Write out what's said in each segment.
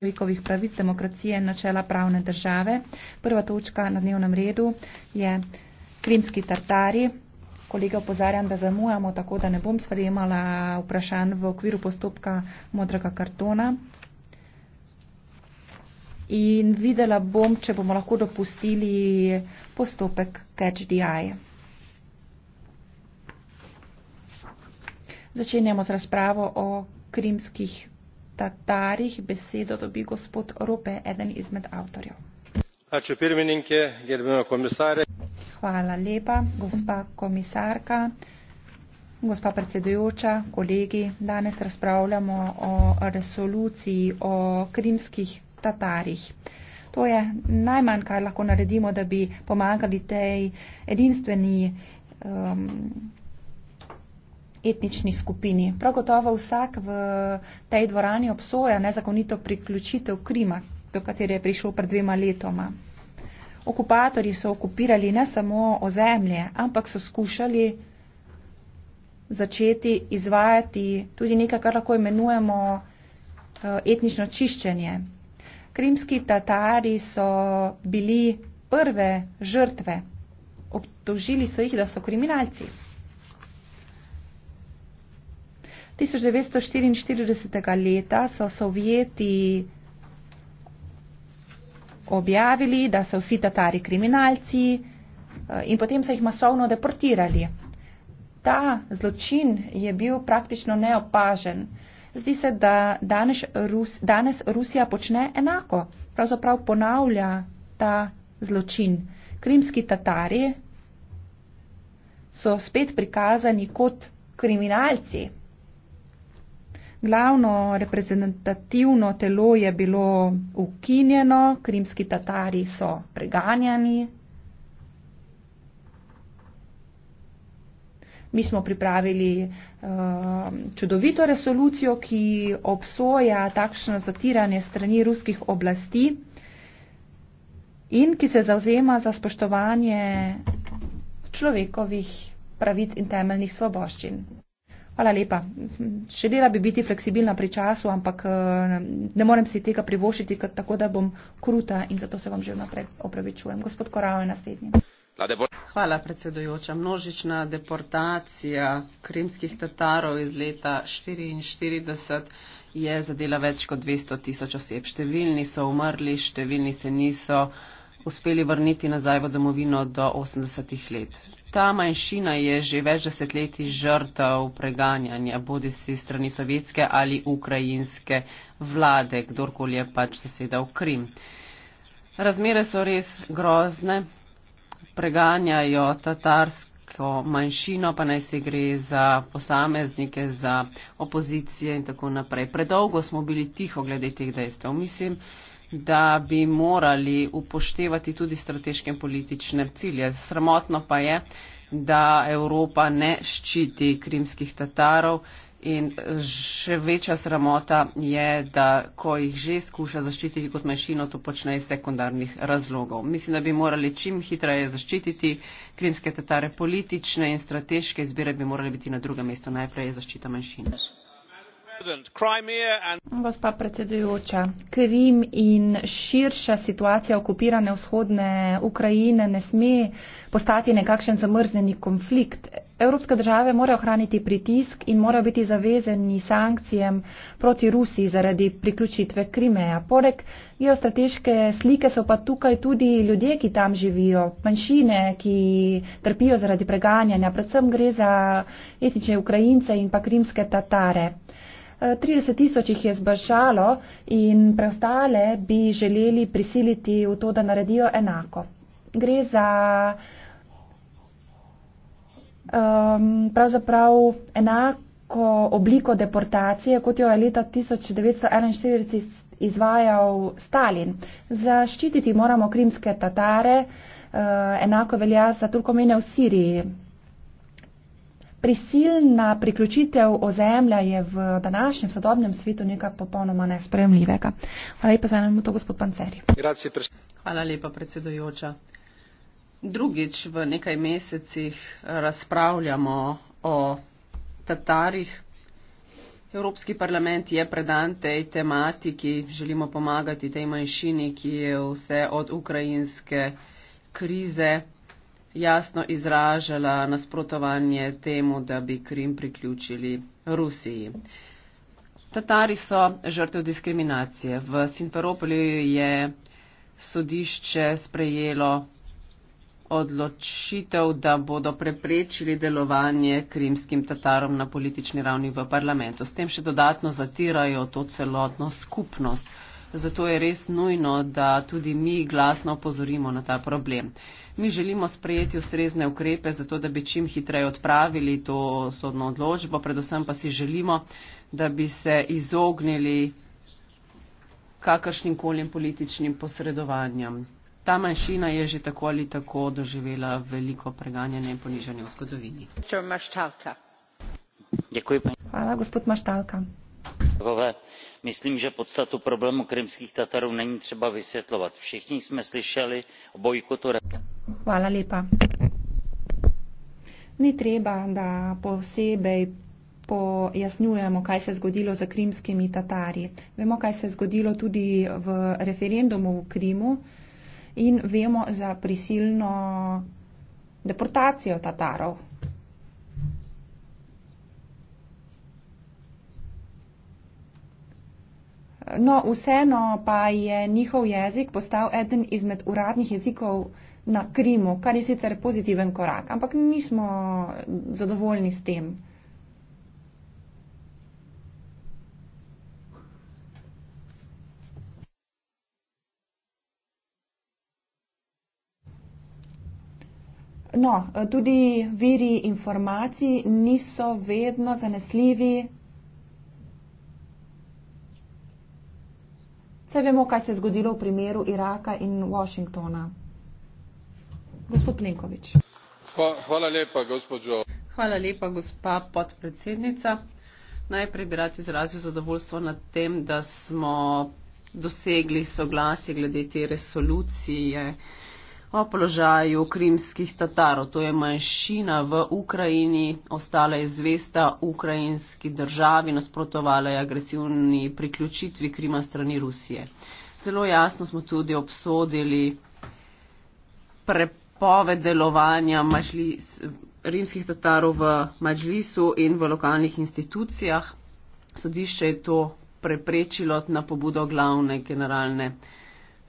človekovih pravic, demokracije in načela pravne države. Prva točka na dnevnem redu je krimski tartari. Kolega opozarjam, da zamujamo, tako da ne bom sprejemala vprašanj v okviru postopka modrega kartona. In videla bom, če bomo lahko dopustili postopek CatchDI. Začenjamo z razpravo o krimskih Tatarih besedo dobi gospod Rupe, eden izmed avtorjev. Hvala lepa, gospa komisarka, gospa predsedujoča, kolegi. Danes razpravljamo o resoluciji o krimskih Tatarih. To je najmanj, kar lahko naredimo, da bi pomagali tej edinstveni. Um, etnični skupini. Prav gotovo vsak v tej dvorani obsoja nezakonito priključitev Krima, do katere je prišlo pred dvema letoma. Okupatorji so okupirali ne samo ozemlje, ampak so skušali začeti izvajati tudi nekaj, kar lahko imenujemo eh, etnično čiščenje. Krimski tatari so bili prve žrtve. Obtožili so jih, da so kriminalci. 1944. leta so sovjeti objavili, da so vsi tatari kriminalci eh, in potem so jih masovno deportirali. Ta zločin je bil praktično neopažen. Zdi se, da danes, Rus, danes Rusija počne enako, pravzaprav ponavlja ta zločin. Krimski tatari so spet prikazani kot kriminalci. Glavno reprezentativno telo je bilo ukinjeno, krimski tatari so preganjani. Mi smo pripravili uh, čudovito resolucijo, ki obsoja takšno zatiranje strani ruskih oblasti in ki se zauzema za spoštovanje človekovih pravic in temeljnih svoboščin. Hvala lepa. Želela bi biti fleksibilna pri času, ampak eh, ne morem si tega privošiti, tako da bom kruta in zato se vam že naprej opravičujem. Gospod Korao je naslednji. Hvala, predsedujoča. Množična deportacija krimskih tatarov iz leta 1944 je zadela več kot 200 tisoč oseb. Številni so umrli, številni se niso uspeli vrniti nazaj v domovino do 80 let. Ta manjšina je že več desetletij žrtav preganjanja, bodi si strani sovjetske ali ukrajinske vlade, kdorkoli je pač zasedal Krim. Razmere so res grozne, preganjajo tatarsko manjšino, pa naj se gre za posameznike, za opozicije in tako naprej. Predolgo smo bili tiho glede teh dejstev. Mislim, da bi morali upoštevati tudi strateške in politične cilje. Sramotno pa je, da Evropa ne ščiti krimskih tatarov in še večja sramota je, da ko jih že skuša zaščititi kot manjšino, to počne iz sekundarnih razlogov. Mislim, da bi morali čim hitreje zaščititi krimske tatare politične in strateške izbire bi morali biti na drugem mestu. Najprej je zaščita manjšin. Gospa predsedujoča, Krim in širša situacija okupirane vzhodne Ukrajine ne sme postati nekakšen zamrzneni konflikt. Evropske države morajo ohraniti pritisk in morajo biti zavezeni sankcijam proti Rusiji zaradi priključitve Krimeja. Poleg geostrateške slike so pa tukaj tudi ljudje, ki tam živijo, manjšine, ki trpijo zaradi preganjanja. Predvsem gre za etnične Ukrajince in pa krimske Tatare. 30 tisoč jih je zbržalo in preostale bi želeli prisiliti v to, da naredijo enako. Gre za um, pravzaprav enako obliko deportacije, kot jo je leta 1941 izvajal Stalin. Zaščititi moramo krimske tatare, uh, enako velja za Turkomene v Siriji prisilna priključitev ozemlja je v današnjem sodobnem svetu nekaj popolnoma nespremljivega. Hvala lepa za eno to, gospod Panceri. Hvala lepa, predsedojoča. Drugič v nekaj mesecih eh, razpravljamo o Tatarih. Evropski parlament je predan tej tematiki, želimo pomagati tej manjšini, ki je vse od ukrajinske krize jasno izražala nasprotovanje temu, da bi Krim priključili Rusiji. Tatari so žrtev diskriminacije. V Sinferopolju je sodišče sprejelo odločitev, da bodo preprečili delovanje krimskim tatarom na politični ravni v parlamentu. S tem še dodatno zatirajo to celotno skupnost. Zato je res nujno, da tudi mi glasno opozorimo na ta problem. Mi želimo sprejeti ustrezne ukrepe, zato da bi čim hitreje odpravili to sodno odločbo, predvsem pa si želimo, da bi se izognili kakršnim koli političnim posredovanjem. Ta manjšina je že tako ali tako doživela veliko preganjanje in ponižanje v zgodovini. Hvala, gospod Maštalka kolegové myslím že podstatu problému krymských tatarů není třeba vysvětlovat všichni jsme slyšeli o bojkotu Ni treba, da posebej pojasnjujemo, kaj se je zgodilo z krimskimi tatari. Vemo, kaj se je zgodilo tudi v referendumu v Krimu in vemo za prisilno deportacijo tatarov. No, vseeno pa je njihov jezik postal eden izmed uradnih jezikov na Krimu, kar je sicer pozitiven korak, ampak nismo zadovoljni s tem. No, tudi viri informacij niso vedno zanesljivi, Vse vemo, kaj se je zgodilo v primeru Iraka in Washingtona. Gospod Plenković. Hvala lepa, gospođo. Hvala lepa, gospa podpredsednica. Najprej bi rad izrazil zadovoljstvo nad tem, da smo dosegli soglasje glede te resolucije o položaju krimskih tatarov. To je manjšina v Ukrajini, ostala je zvesta ukrajinski državi, nasprotovala je agresivni priključitvi Krima strani Rusije. Zelo jasno smo tudi obsodili prepoved delovanja mažlis, rimskih tatarov v Mažlisu in v lokalnih institucijah. Sodišče je to preprečilo na pobudo glavne generalne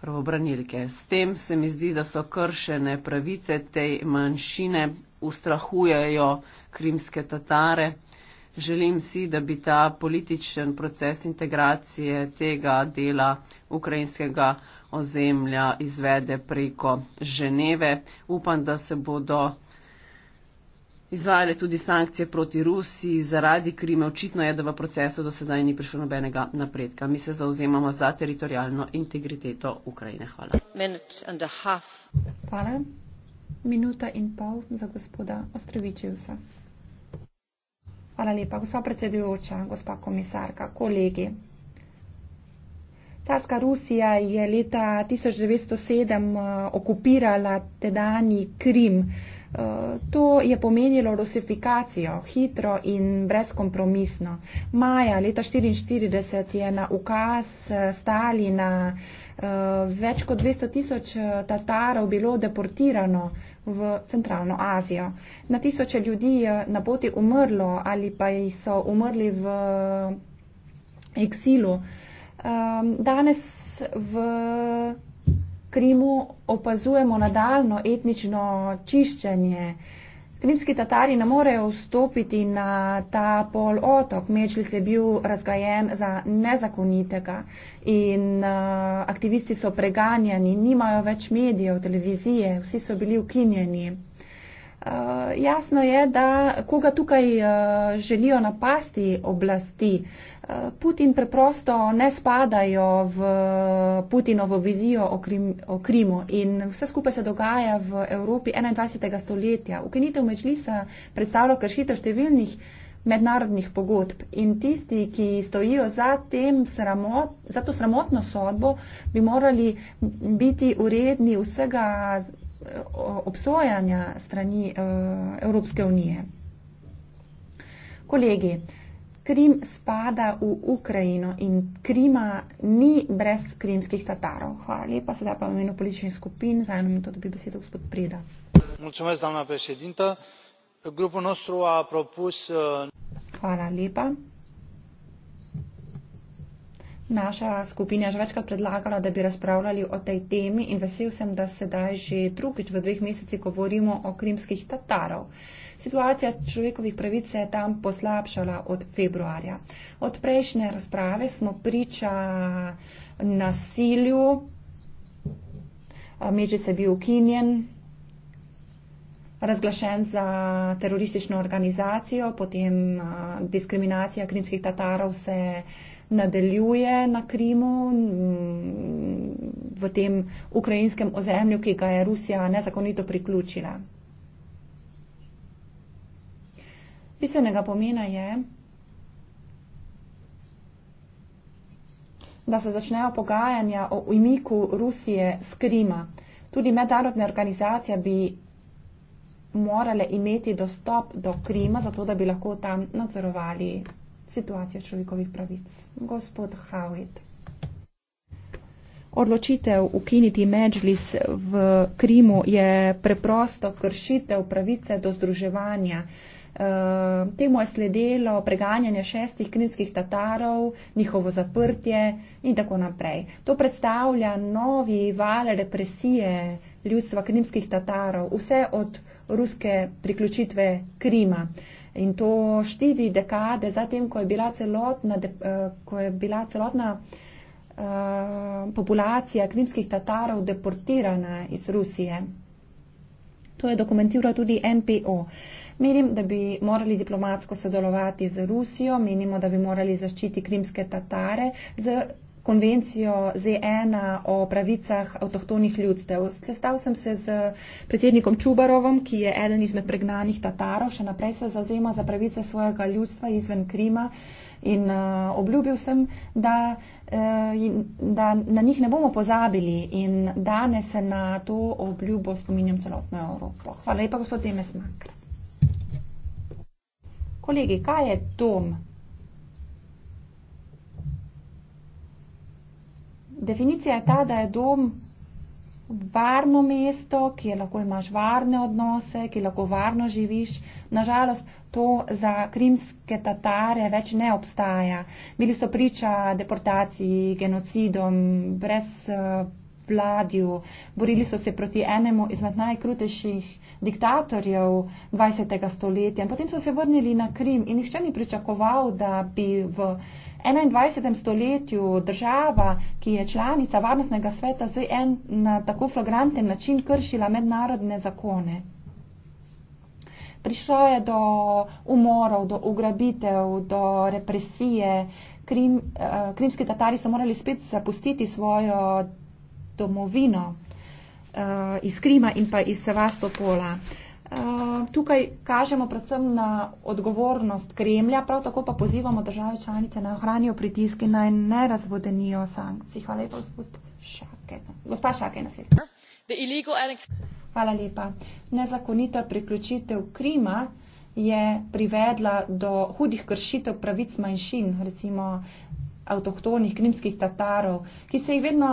pravobranilke. S tem se mi zdi, da so kršene pravice tej manjšine, ustrahujejo krimske tatare. Želim si, da bi ta političen proces integracije tega dela ukrajinskega ozemlja izvede preko Ženeve. Upam, da se bodo izvajale tudi sankcije proti Rusiji zaradi Krime. Očitno je, da v procesu do sedaj ni prišlo nobenega napredka. Mi se zauzemamo za teritorijalno integriteto Ukrajine. Hvala. Hvala. Minuta in pol za gospoda Ostrovičevsa. Hvala lepa, gospa predsedujoča, gospa komisarka, kolegi. Carska Rusija je leta 1907 eh, okupirala tedani Krim. To je pomenilo rusifikacijo, hitro in brezkompromisno. Maja leta 1944 je na ukaz eh, Stalina eh, več kot 200 tisoč eh, Tatarov bilo deportirano v Centralno Azijo. Na tisoče ljudi je na poti umrlo ali pa so umrli v eksilu. Ehm, danes v Krimu opazujemo nadaljno etnično čiščenje. Krimski tatari ne morejo vstopiti na ta polotok, Mečlis je bil razgajen za nezakonitega in uh, aktivisti so preganjani, nimajo več medijev, televizije, vsi so bili ukinjeni. Eh, jasno je, da koga tukaj eh, želijo napasti oblasti. Eh, Putin preprosto ne spadajo v Putinovo vizijo o, Krim, o Krimu in vse skupaj se dogaja v Evropi 21. stoletja. Ukenitev mečlisa predstavlja kršitev številnih mednarodnih pogodb in tisti, ki stojijo za, tem sramot, za to sramotno sodbo, bi morali biti uredni vsega obsojanja strani eh, Evropske unije. Kolegi, Krim spada v Ukrajino in Krima ni brez krimskih tatarov. Hvala lepa, sedaj pa v imenu političnih skupin, za eno minuto dobi besedo gospod Preda. Eh, Hvala lepa naša skupina žvečkrat predlagala, da bi razpravljali o tej temi in vesel sem, da sedaj že drugič v dveh mesecih govorimo o krimskih tatarov. Situacija človekovih pravic se je tam poslabšala od februarja. Od prejšnje razprave smo priča nasilju, meče se bi ukinjen, razglašen za teroristično organizacijo, potem diskriminacija krimskih tatarov se nadaljuje na Krimu, v tem ukrajinskem ozemlju, ki ga je Rusija nezakonito priključila. Bistvenega pomena je, da se začnejo pogajanja o imiku Rusije s Krima. Tudi mednarodne organizacije bi morale imeti dostop do Krima, zato da bi lahko tam nadzorovali situacijo človekovih pravic. Gospod Hawit. Odločitev ukiniti Medžlis v Krimu je preprosto kršitev pravice do združevanja. Eh, temu je sledilo preganjanje šestih krimskih tatarov, njihovo zaprtje in tako naprej. To predstavlja novi val represije ljudstva krimskih tatarov, vse od ruske priključitve Krima. In to štiri dekade, zatem, ko je bila celotna, de, eh, ko je bila celotna uh, populacija krimskih tatarov deportirana iz Rusije. To je dokumentiral tudi NPO. Uh, Menim, da bi morali diplomatsko sodelovati z Rusijo, menimo, da bi morali zaščiti krimske tatare z konvencijo ZN o pravicah avtohtonih ljudstev. Sestal sem se z predsednikom Čubarovom, ki je eden izmed pregnanih tatarov, še naprej se zauzema za pravice svojega ljudstva izven Krima. In uh, obljubil sem, da, uh, da na njih ne bomo pozabili in danes se na to obljubo spominjam celotno Evropo. Hvala lepa, gospod Demes Makr. Kolegi, kaj je dom? Definicija je ta, da je dom varno mesto, kjer lahko imaš varne odnose, kjer lahko varno živiš. Nažalost, to za krimske tatare več ne obstaja. Bili so priča deportaciji, genocidom, brez. Uh, ladju, borili so se proti enemu izmed najkrutejših diktatorjev 20. stoletja in potem so se vrnili na Krim in nihče ni pričakoval, da bi v 21. stoletju država, ki je članica varnostnega sveta, zdaj en na tako flagranten način kršila mednarodne zakone. Prišlo je do umorov, do ugrabitev, do represije. Krim, eh, krimski tatari so morali spet zapustiti svojo domovino uh, iz Krima in pa iz Sevastopola. Uh, tukaj kažemo predvsem na odgovornost Kremlja, prav tako pa pozivamo države članice na ohranijo pritiski, naj ne razvodenijo sankcij. Hvala lepa, gospod Šaken. Gospa Šaken, naslednji. Hvala lepa. Nezakonita priključitev Krima je privedla do hudih kršitev pravic manjšin, recimo avtohtonih krimskih tatarov, ki se jih vedno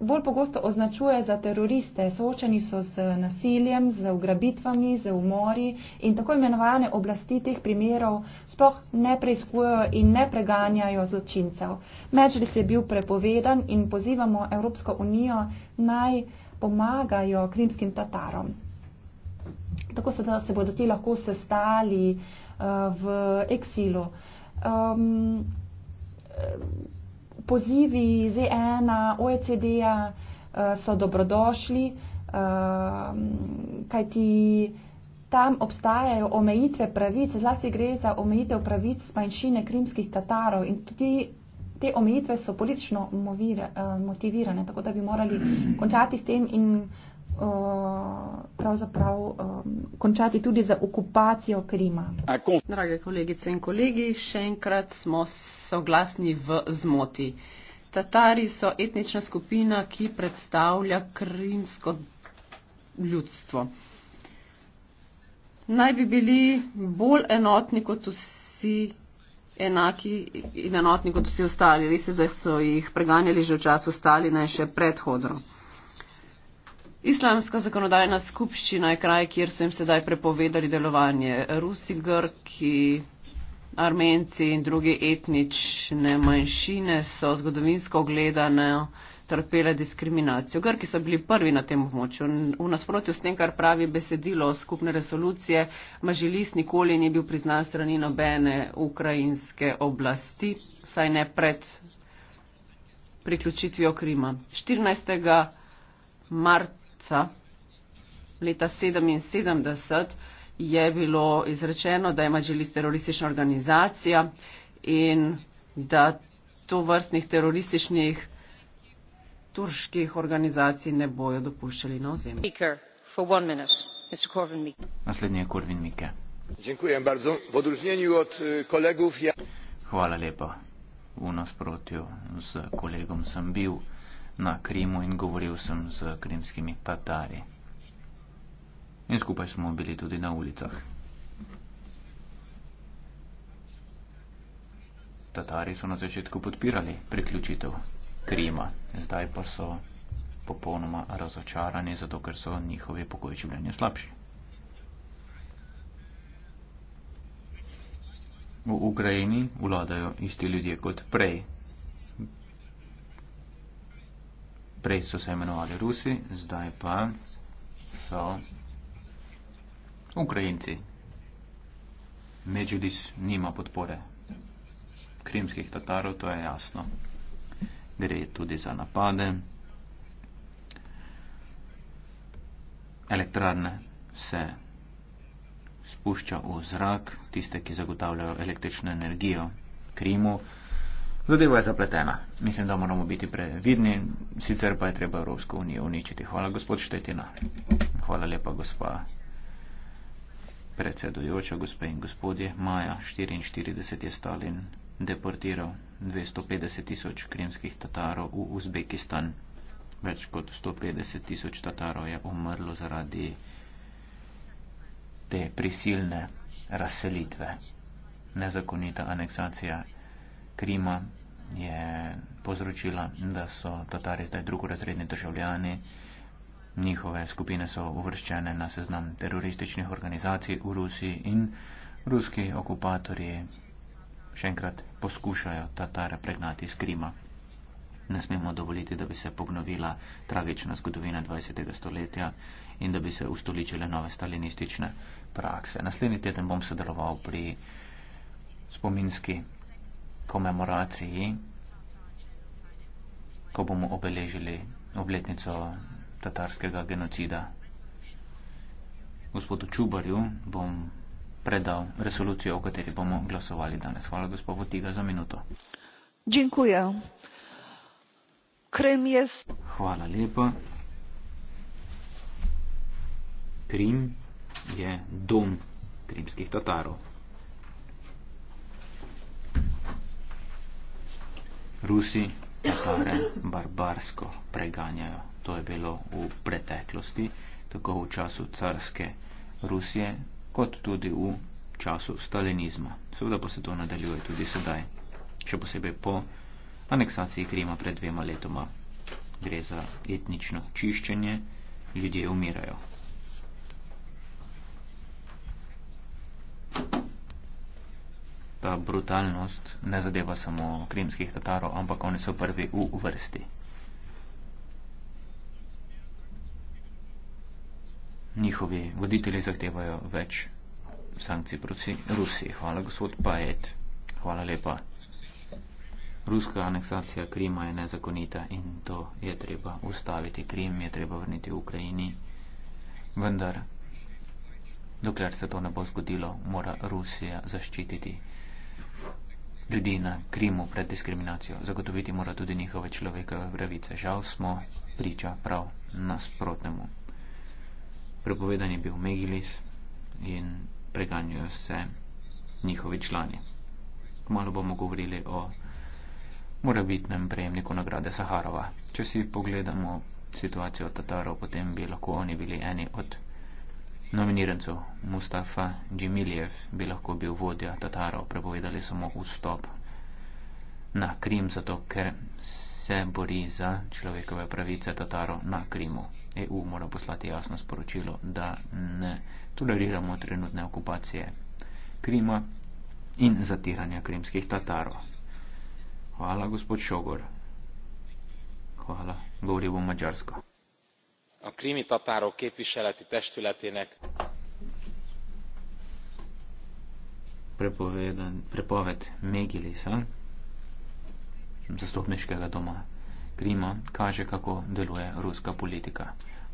bolj pogosto označuje za teroriste. Soočeni so z nasiljem, z ugrabitvami, z umori in tako imenovane oblasti teh primerov sploh ne preizkujejo in ne preganjajo zločincev. Mečlis je bil prepovedan in pozivamo Evropsko unijo naj pomagajo krimskim tatarom. Tako se, da se bodo ti lahko sestali uh, v eksilu. Um, pozivi iz ENA, OECD-ja eh, so dobrodošli, eh, kajti tam obstajajo omejitve pravic, zlasti gre za omejitev pravic manjšine krimskih tatarov in tudi te omejitve so politično eh, motivirane, tako da bi morali končati s tem in uh, Eh, pravzaprav končati tudi za okupacijo Krima. Drage kolegice in kolegi, še enkrat smo soglasni v zmoti. Tatari so etnična skupina, ki predstavlja krimsko ljudstvo. Naj bi bili bolj enotni kot vsi enaki in enotni kot vsi ostali. Veste, da so jih preganjali že v času Stalina in še predhodno. Islamska zakonodajna skupščina je kraj, kjer so jim sedaj prepovedali delovanje. Rusi, Grki, Armenci in druge etnične manjšine so zgodovinsko gledane trpele diskriminacijo. Grki so bili prvi na tem območju. V nasprotju s tem, kar pravi besedilo skupne resolucije, mažilist nikoli ni bil priznan strani nobene ukrajinske oblasti, saj ne pred priključitvijo Krima. 14. marta marca leta 1977 je bilo izrečeno, da je Mađilis teroristična organizacija in da to vrstnih terorističnih turških organizacij ne bojo dopuščali na ozemlju. Naslednji je Korvin Mike. Ja- Hvala lepa. V nasprotju s kolegom sem bil na Krimu in govoril sem z krimskimi tatari. In skupaj smo bili tudi na ulicah. Tatari so na začetku podpirali priključitev Krima, zdaj pa so popolnoma razočarani, zato ker so njihovi pokoji življenja slabši. V Ukrajini vladajo isti ljudje kot prej, prej so se imenovali Rusi, zdaj pa so Ukrajinci. Međulis nima podpore krimskih tatarov, to je jasno. Gre tudi za napade. Elektrarne se spušča v zrak, tiste, ki zagotavljajo električno energijo Krimu. Zadeva je zapletena. Mislim, da moramo biti previdni, sicer pa je treba Evropsko unijo uničiti. Hvala, gospod Štetina. Hvala lepa, gospa predsedujoča, gospe in gospodje. Maja 44 je Stalin deportiral 250 tisoč krimskih tatarov v Uzbekistan. Več kot 150 tisoč tatarov je umrlo zaradi te prisilne razselitve. Nezakonita aneksacija Krima je povzročila, da so Tatari zdaj drugorazredni državljani. Njihove skupine so uvrščene na seznam terorističnih organizacij v Rusiji in ruski okupatorji še enkrat poskušajo Tatare pregnati iz Krima. Ne smemo dovoliti, da bi se pognovila tragična zgodovina 20. stoletja in da bi se ustoličile nove stalinistične prakse. Naslednji teden bom sodeloval pri spominski komemoraciji, ko bomo obeležili obletnico tatarskega genocida. Gospodu Čubarju bom predal resolucijo, o kateri bomo glasovali danes. Hvala, gospod Votiga, za minuto. Hvala lepa. Krim je dom krimskih tatarov. Rusi Tatare barbarsko preganjajo. To je bilo v preteklosti, tako v času carske Rusije, kot tudi v času stalinizma. Seveda pa se to nadaljuje tudi sedaj, še posebej po aneksaciji Krima pred dvema letoma. Gre za etnično čiščenje, ljudje umirajo. ta brutalnost ne zadeva samo krimskih tatarov, ampak oni so prvi v vrsti. Njihovi voditelji zahtevajo več sankcij proti Rusiji. Hvala, gospod Pajet. Hvala lepa. Ruska aneksacija Krima je nezakonita in to je treba ustaviti. Krim je treba vrniti v Ukrajini. Vendar, dokler se to ne bo zgodilo, mora Rusija zaščititi ljudi na Krimu pred diskriminacijo. Zagotoviti mora tudi njihove človekove pravice. Žal smo priča prav nasprotnemu. Prepovedan je bil Megilis in preganjajo se njihovi člani. Malo bomo govorili o morabitnem prejemniku nagrade Saharova. Če si pogledamo situacijo Tatarov, potem bi lahko oni bili eni od nominirancu Mustafa Džimiljev bi lahko bil vodja Tatarov, prepovedali so mu vstop na Krim, zato ker se bori za človekove pravice Tatarov na Krimu. EU mora poslati jasno sporočilo, da ne toleriramo trenutne okupacije Krima in zatiranja krimskih Tatarov. Hvala, gospod Šogor. Hvala, govoril bom mađarsko krmi tatárok képviseleti testületének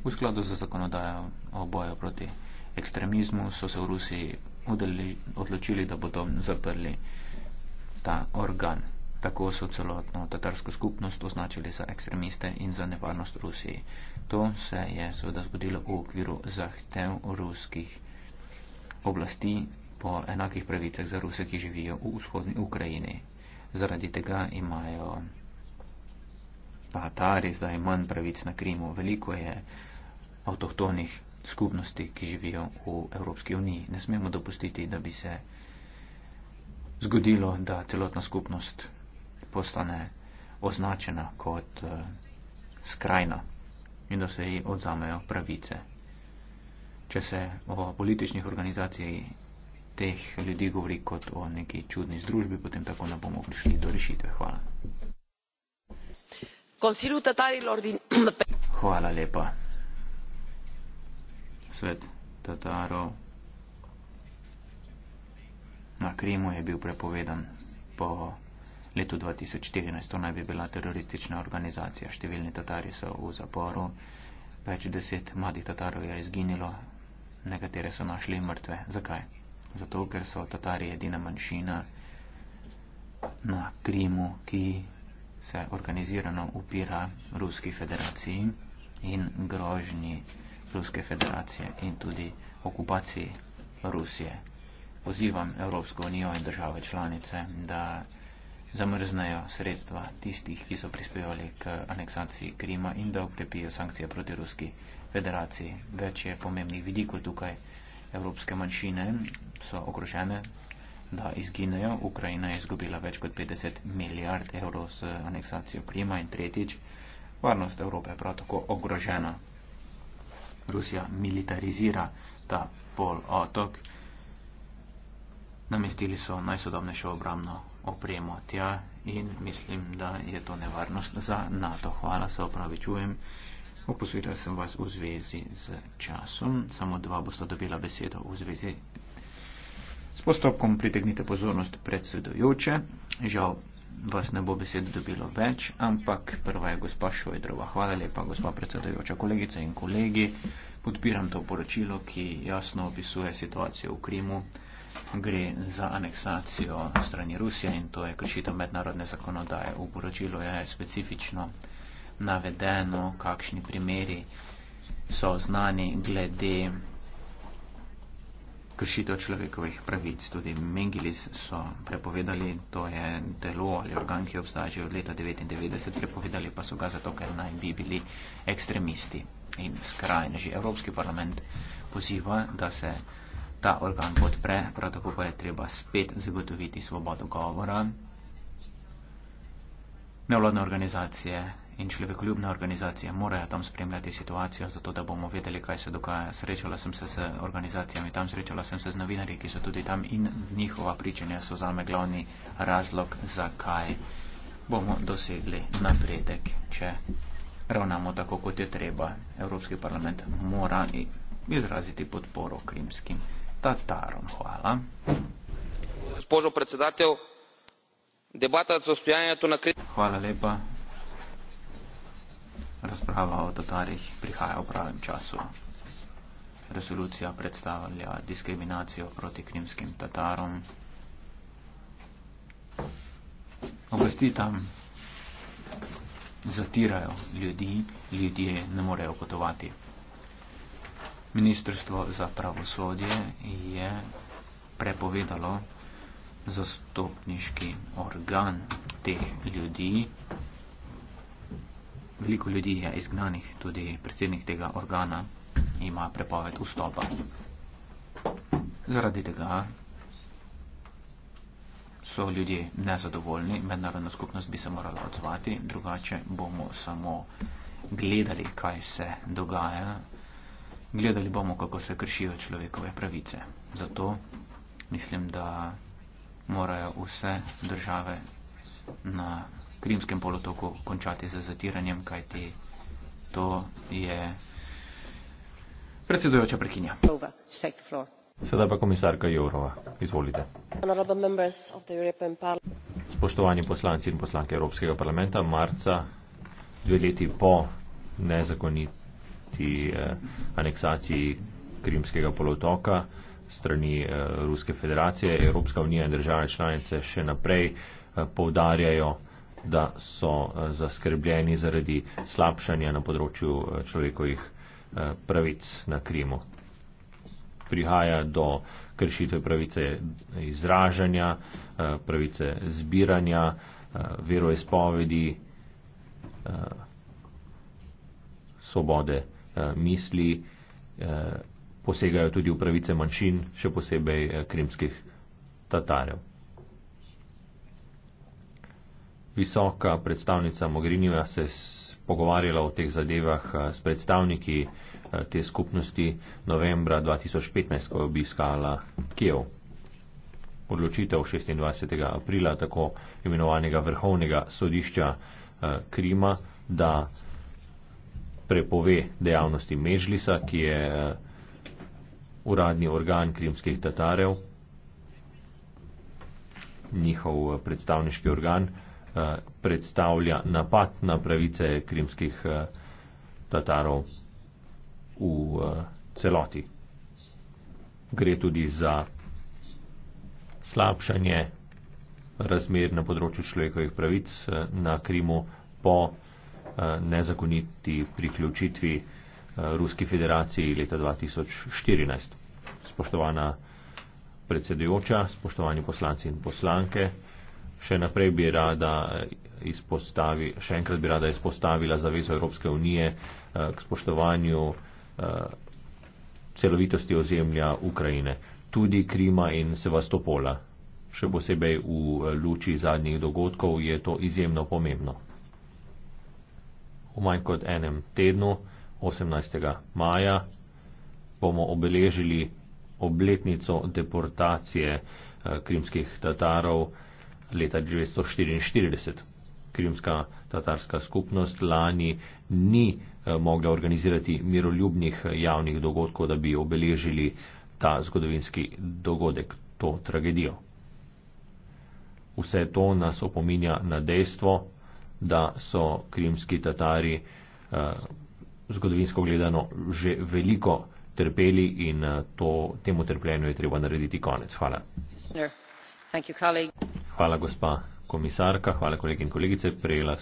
v skladu z zakonodajo o boju proti ekstremizmu so se v rusiji odločili, da bodo zaprli ta organ. Tako so celotno tatarsko skupnost označili za ekstremiste in za nevarnost Rusiji. To se je seveda zgodilo v okviru zahtev ruskih oblasti po enakih pravicah za Ruse, ki živijo v vzhodni Ukrajini. Zaradi tega imajo Tatari zdaj manj pravic na Krimu. Veliko je avtohtonih skupnosti, ki živijo v Evropski uniji. Ne smemo dopustiti, da bi se zgodilo, da celotna skupnost postane označena kot uh, skrajna in da se ji odzamejo pravice. Če se o političnih organizacijah teh ljudi govori kot o neki čudni združbi, potem tako ne bomo prišli do rešitve. Hvala. Hvala lepa. Svet Tatarov na Krimu je bil prepovedan po letu 2014 to naj bi bila teroristična organizacija. Številni Tatari so v zaporu, več deset mladih Tatarov je izginilo, nekatere so našli mrtve. Zakaj? Zato, ker so Tatari edina manjšina na Krimu, ki se organizirano upira Ruski federaciji in grožnji Ruske federacije in tudi okupaciji Rusije. Pozivam Evropsko unijo in države članice, da zamrznejo sredstva tistih, ki so prispevali k aneksaciji Krima in da ukrepijo sankcije proti Ruski federaciji. Več je pomembnih vidikov tukaj. Evropske manjšine so okrožene, da izginejo. Ukrajina je izgubila več kot 50 milijard evrov z aneksacijo Krima in tretjič. Varnost Evrope je prav tako ogrožena. Rusija militarizira ta polotok. Namestili so najsodobnejšo obramno opremo tja in mislim, da je to nevarnost za NATO. Hvala, se opravičujem. Opozorila sem vas v zvezi z časom. Samo dva bosta dobila besedo v zvezi s postopkom. Pritegnite pozornost predsedujoče. Žal vas ne bo besedo dobilo več, ampak prva je gospa Šojdrova. Hvala lepa, gospa predsedujoča, kolegice in kolegi. Podpiram to poročilo, ki jasno opisuje situacijo v Krimu gre za aneksacijo strani Rusije in to je kršitev mednarodne zakonodaje. V poročilu je specifično navedeno, kakšni primeri so znani glede kršitev človekovih pravic. Tudi Mengilis so prepovedali, to je telo ali organ, ki obstaja že od leta 1999, prepovedali pa so ga zato, ker naj bi bili ekstremisti in skrajneži. Evropski parlament poziva, da se ta organ podpre, prav tako pa je treba spet zagotoviti svobodo govora. Nevladne organizacije in človekoljubne organizacije morajo tam spremljati situacijo, zato da bomo vedeli, kaj se dogaja. Srečala sem se z organizacijami tam, srečala sem se z novinarji, ki so tudi tam in njihova pričanja so zame glavni razlog, zakaj bomo dosegli napredek, če ravnamo tako, kot je treba. Evropski parlament mora izraziti podporo krimskim gospođo predsjedateljice debata o odstojanju na krimu. hvala lepa razprava o tatarih prihaja v pravem času resolucija predstavlja diskriminacijo proti krimskim tatarom oblasti tam zatirajo ljudi ljudje ne morejo potovati. Ministrstvo za pravosodje je prepovedalo zastopniški organ teh ljudi. Veliko ljudi je izgnanih, tudi predsednik tega organa ima prepoved vstopa. Zaradi tega so ljudje nezadovoljni, mednarodna skupnost bi se morala odzvati, drugače bomo samo gledali, kaj se dogaja gledali bomo, kako se kršijo človekove pravice. Zato mislim, da morajo vse države na Krimskem polotoku končati z zatiranjem, kajti to je predsedujoča prekinja. Sedaj pa komisarka Jourova. Izvolite. Spoštovani poslanci in poslanke Evropskega parlamenta, marca, dve leti po nezakonit proti eh, aneksaciji Krimskega polotoka strani eh, Ruske federacije. Evropska unija in države članice še naprej eh, povdarjajo, da so eh, zaskrbljeni zaradi slabšanja na področju eh, človekovih eh, pravic na Krimu. Prihaja do kršitve pravice izražanja, eh, pravice zbiranja, eh, veroizpovedi, eh, svobode. Eh, misli, eh, posegajo tudi v pravice manjšin, še posebej eh, krimskih tatarjev. Visoka predstavnica Mogrinjeva se je pogovarjala o teh zadevah s predstavniki te skupnosti novembra 2015, ko je obiskala Kijev. Odločitev 26. aprila tako imenovanega vrhovnega sodišča Krima, da prepove dejavnosti Mežlisa, ki je eh, uradni organ krimskih tatarev, njihov eh, predstavniški organ, eh, predstavlja napad na pravice krimskih tatarov v celoti. Gre tudi za slabšanje razmer na področju človekovih pravic na Krimu po Eh, nezakoniti priključitvi eh, Ruski federaciji leta 2014. Spoštovana predsedujoča, spoštovani poslanci in poslanke, še naprej bi rada izpostavi, še enkrat bi rada izpostavila zavezo Evropske unije eh, k spoštovanju celovitosti ozemlja Ukrajine, tudi Krima in Sevastopola. Še posebej v luči zadnjih dogodkov je to izjemno pomembno. V manj kot enem tednu, 18. maja, bomo obeležili obletnico deportacije eh, krimskih tatarov leta 1944. Krimska tatarska skupnost lani ni eh, mogla organizirati miroljubnih eh, javnih dogodkov, da bi obeležili ta zgodovinski dogodek, to tragedijo. Vse to nas opominja na dejstvo, da so krimski tatari eh, zgodovinsko gledano že veliko trpeli in eh, to, temu trpljenju je treba narediti konec. Hvala. Hvala, gospa komisarka, hvala kolegi in kolegice. Prejela